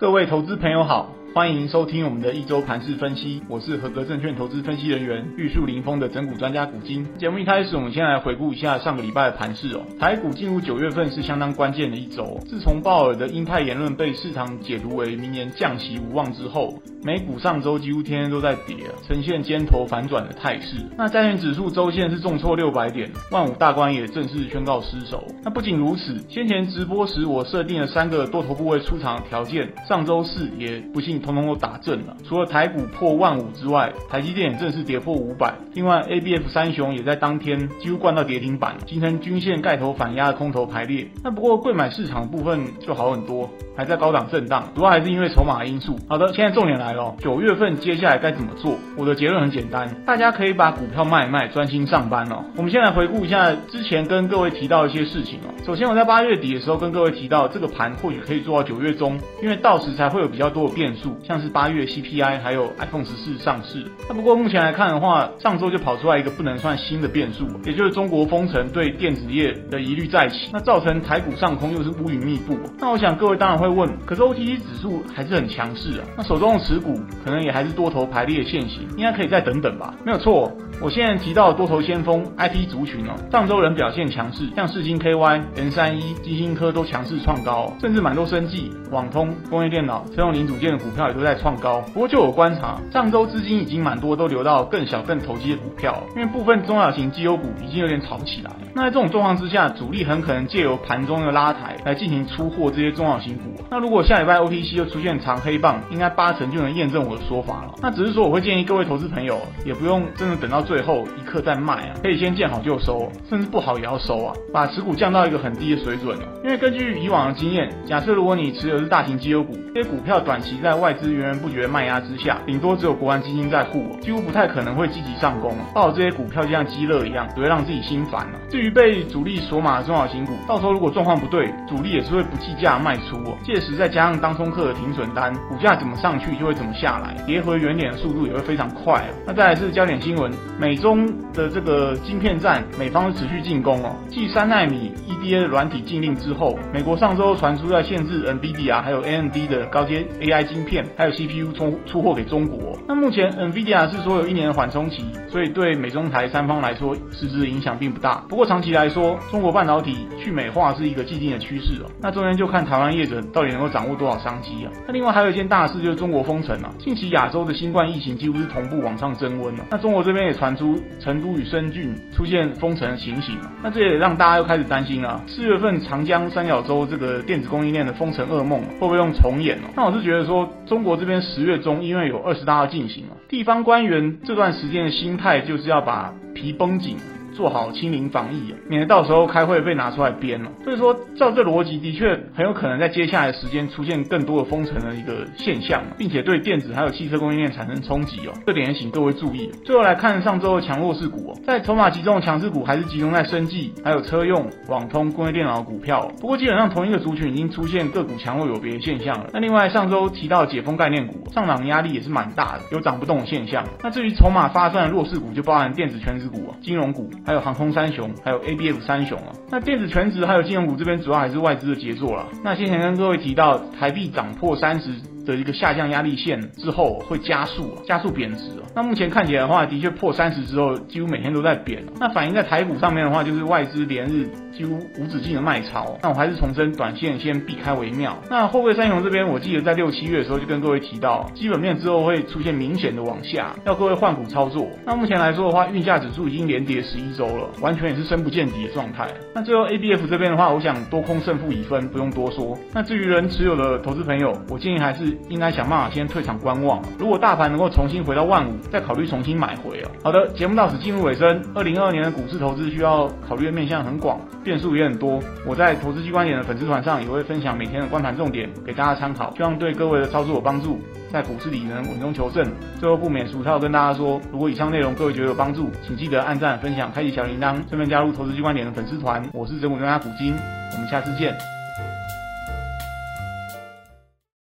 各位投資朋友好。歡迎收聽我們的一周盤勢分析，我是合格證券投資分析人員、玉樹臨風的整股專家古今。節目一開始，我們先來回顧一下上個禮拜的盤勢哦。台股進入九月份是相當關鍵的一周。自從鮑爾的鷹派言論被市場解讀為明年降息無望之後，美股上周幾乎天天都在跌，呈現尖頭反轉的態勢。那加權指數周線是重挫六百點，萬五大關也正式宣告失守。那不僅如此，先前直播時我設定了三個多頭部位出場的條件，上周四也不幸。通通都達陣了，除了台股破萬五之外，台積電也正式跌破五百。另外，ABF 三雄也在當天幾乎灌到跌停板，形成均線蓋頭反壓的空頭排列。那不過，櫃買市場部分就好很多，還在高檔震盪，主要還是因為籌碼因素。好的，現在重點來了，九月份接下來該怎麼做？我的結論很簡單，大家可以把股票賣一賣，專心上班哦。我們先來回顧一下之前跟各位提到一些事情哦。首先，我在八月底的時候跟各位提到，這個盤或許可以做到九月中，因為到時才會有比較多的變數。像是八月 CPI，還有 iPhone 十四上市。那不過目前來看的話，上周就跑出來一個不能算新的變數，也就是中國封城對電子業的疑慮再起，那造成台股上空又是烏雲密布。那我想各位當然會問，可是 OTC 指數還是很強勢啊，那手中的持股可能也還是多頭排列現行，應該可以再等等吧？沒有錯，我現在提到的多頭先鋒 IP 族群哦、喔，上周仍表現強勢，像世芯 KY、M31、晶心科都強勢創高，甚至蠻多生技、網通、工業電腦、車用零組件的股。也都在創高，不過就我觀察，上周資金已經蠻多都流到更小、更投機的股票，因為部分中小型績優股已經有點炒不起來。那在這種狀況之下，主力很可能借由盤中的拉抬來進行出貨這些中小型股。那如果下禮拜 OTC 又出現長黑棒，應該八成就能驗證我的說法了。那只是說我會建議各位投資朋友，也不用真的等到最後一刻再賣啊，可以先見好就收，甚至不好也要收啊，把持股降到一個很低的水準。因為根據以往的經驗，假設如果你持有的是大型績優股，這些股票短期在外。資源源不絕賣壓之下，頂多只有國安基金在護哦，幾乎不太可能會積極上攻哦。抱這些股票就像雞肋一樣，只會讓自己心煩了。至於被主力鎖碼的重要新股，到時候如果狀況不對，主力也是會不計價賣出哦。屆時再加上當沖客的停損單，股價怎麼上去就會怎麼下來，跌回原點的速度也會非常快。那再來是焦點新聞，美中的這個晶片戰，美方是持續進攻哦。繼三納米 EDA 軟體禁令之後，美國上周傳出在限制 NVIDIA 啊，還有 AMD 的高階 AI 晶片。還有 CPU 出出貨給中國哦，那目前 NVIDIA 是說有一年的緩衝期，所以對美中台三方來說實質影響並不大。不過長期來說，中國半導體去美化是一個既定的趨勢哦。那中間就看台灣業者到底能夠掌握多少商機啊。那另外還有一件大事就是中國封城了啊。近期亞洲的新冠疫情幾乎是同步往上增溫哦。那中國這邊也傳出成都與深圳出現封城的情形啊，那這也讓大家又開始擔心啊。四月份長江三角洲這個電子供應鏈的封城噩夢啊、會不會又重演哦啊？那我是覺得說。中國這邊十月中，因為有二十大要進行了，地方官員這段時間的心態就是要把皮繃緊。做好清零防疫、啊、免得到時候開會被拿出來編、啊、所以說，照這邏輯，的確很有可能在接下來的時間出現更多的封城的一個現象、啊，並且對電子還有汽車供應鏈產生衝擊哦。這點也請各位注意、啊。最後來看上周的強弱勢股、啊、在籌碼集中的強勢股還是集中在生技，還有車用、網通、工業電腦的股票、啊。不過基本上同一個族群已經出現個股強弱有別的現象了。那另外上周提到的解封概念股、啊，上檔壓力也是蠻大的，有漲不動的現象。那至於籌碼發散的弱勢股，就包含電子、權值股、啊、金融股。還有航空三雄，還有 ABF 三雄啊。那電子權值還有金融股這邊，主要還是外資的傑作了。那先前跟各位提到，台幣漲破三十的一個下降壓力線之後會加速加速貶值。那目前看起來的話，的確破三十之後，幾乎每天都在貶。那反映在台股上面的話，就是外資連日幾乎無止境的賣超。那我還是重申，短線先避開為妙。那航運三雄這邊，我記得在六七月的時候就跟各位提到，基本面之後會出現明顯的往下，要各位換股操作。那目前來說的話，運價指數已經連跌十一周了，完全也是深不見底的狀態。那最後 ABF 這邊的話，我想多空勝負已分，不用多說。那至於仍持有的投資朋友，我建議還是。應該想辦法先退場觀望，如果大盤能夠重新回到萬五，再考慮重新買回。好的，節目到此進入尾聲。二零二二年的股市投資需要考慮的面向很廣，變數也很多。我在投資 G 觀點的粉絲團上也會分享每天的觀盤重點，給大家參考，希望對各位的操作有幫助，在股市裡能穩中求勝。最後不免俗套，跟大家說，如果以上內容各位覺得有幫助，請記得按讚、分享、開啟小鈴鐺，順便加入投資 G 觀點的粉絲團。我是整偉忠家股金，我們下次見。